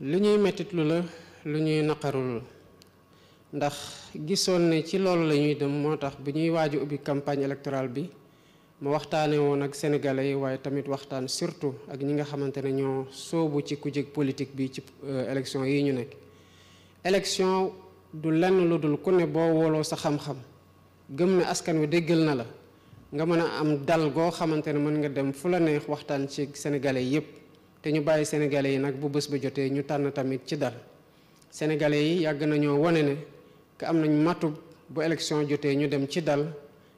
li ñuy mettitlu la lu ñuy naqarul ndax gisoon ne ci loolu la ñuy dem moo tax bu ñuy waaju ubbi campagne électorale bi ma waxtaane woon ak sénégalais yi waaye tamit waxtaan surtout ak ñi nga xamante ne ñoo soobu ci ku kujeg politique bi ci euh, élection yi ñu nekk élection du lenn lu dul ku ne boo wooloo sa xam-xam gëm ne askan wi déggal na la nga mën a am dal goo xamante ne mën nga dem fu la neex waxtaan ci sénégalais yépp te ñu bàyyi sénégalais yi nag bu bés ba jotee ñu tànn tamit ci dal sénégalais yi yàgg nañoo wane ne que am nañ matug bu élection jotee ñu dem ci dal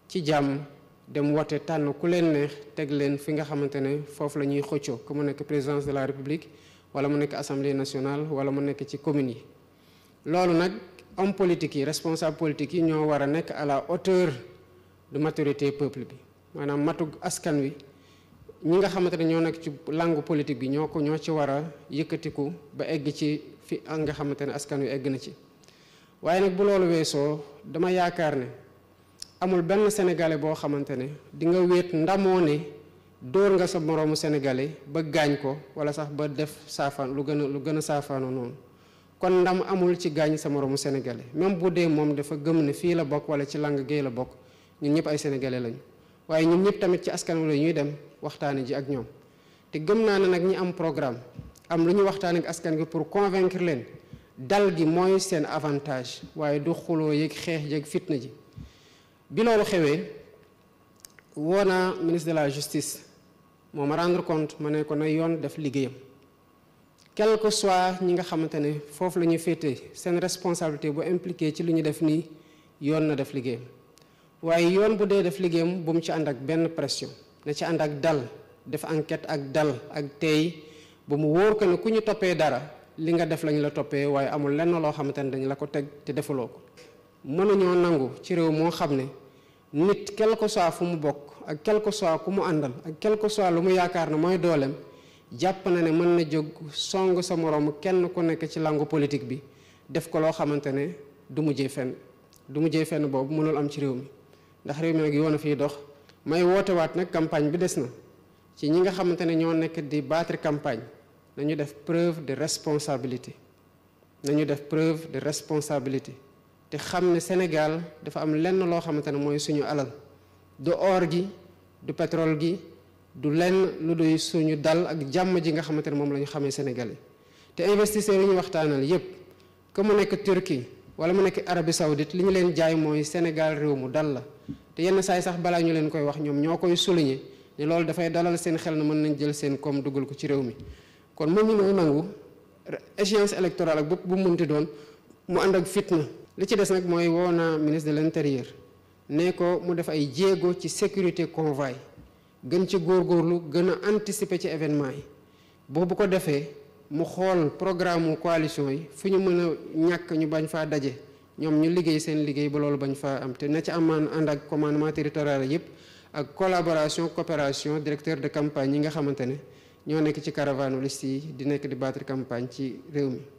ci jàmm dem wote tànn ku leen neex teg leen fi nga xamante ne foofu la ñuy xëccoo que mu nekk présidence de la république wala mu nekk assemblée nationale wala mu nekk ci commune yi loolu nag homme politique yi responsable politique yi ñoo war a nekk à la hauteur de maturité peuple bi maanaam matug askan wi ñi nga xamante ne ñoo nag ci langue politique bi ñoo ko ñoo ci war a yëkkatiku ba egg ci fi nga xamante ne askan wi egg na ci waaye nag bu loolu weesoo dama yaakaar ne amul benn sénégalais boo xamante ne di nga wéet ndamoo ne dóor nga sa moroomu sénégalais ba gaañ ko wala sax ba def saafaan lu gën a lu gën a saafaano noonu kon ndam amul ci gaañ sa moroomu sénégalais même bu dee moom dafa gëm ne fii la bokk wala ci langue géey la bokk ñun ñëpp ay sénégalais lañu waaye ñun ñëpp tamit ci askan wi la ñuy dem waxtaane ji ak ñoom te gëm naa ne nag ñi am programme am lu ñu waxtaan ak askan gi pour convaincre leen dal gi mooy seen avantage waaye du xuloo yeeg xeex yeeg fitna ji bi loolu xewee woo naa ministre de la justice moom ma rendre compte ma ne ko na yoon def liggéeyam quelque que soit ñi nga xamante ne foofu la ñu féete seen responsabilité bu impliqué ci lu ñu def nii yoon na def liggéeyam waaye yoon bu dee def liggéeyam bu mu ci ànd ak benn pression na ci ànd ak dal def enquête ak dal ak tey bu mu wóor ko ne ku ñu toppee dara li nga def lañ la toppee waaye amul lenn loo xamante ne dañ la ko teg te defuloo ko mënuñoo nangu ci réew moo xam ne nit quel que soit fu mu bokk ak quel que soit ku mu àndal ak quel que soit lu mu yaakaar ne mooy dooleem jàpp na ne mën na jóg song sa moroom kenn ku nekk ci langu politique bi def ko loo xamante ne du mujjee fenn du mujjee fenn boobu mënul am ci réew mi ndax may wootewaat nag campagne bi des na ci ñi nga xamante ne ñoo nekk di battre campagne nañu def preuve de responsabilité nañu def preuve de responsabilité te xam ne Sénégal dafa am lenn loo xamante ne mooy suñu alal du or gi du pétrole gi du lenn lu doy suñu dal ak jàmm ji nga xamante ne moom la ñu xamee Sénégal yi te investisseurs yi ñu waxtaanal yépp que mu nekk Turquie wala mu nekk Arabie Saoudite li ñu leen jaay mooy Sénégal réew mu dal la te yenn saay sax balaa ñu leen koy wax ñoom ñoo koy souligner ne loolu dafay dalal seen xel na mën nañ jël seen koom dugal ko ci réew mi kon moom ñu nooy nangu échéance électorale ak bopp bu ti doon mu ànd ak fitna li ci des nag mooy woo naa ministre de l'intérieur ne ko mu def ay jéego ci sécurité convoi gën ci góorgóorlu gën a anticiper ci événement yi boo bu ko defee mu xool programme coalition yi fi ñu mën a ñàkk ñu bañ faa daje ñoom ñu liggéey seen liggéey ba loolu bañ faa am te na ci amaan ànd ak commandement territorial yëpp ak collaboration coopération directeur de campagne yi nga xamante ne ñoo nekk ci caravane liste yi di nekk di battre campagne ci réew mi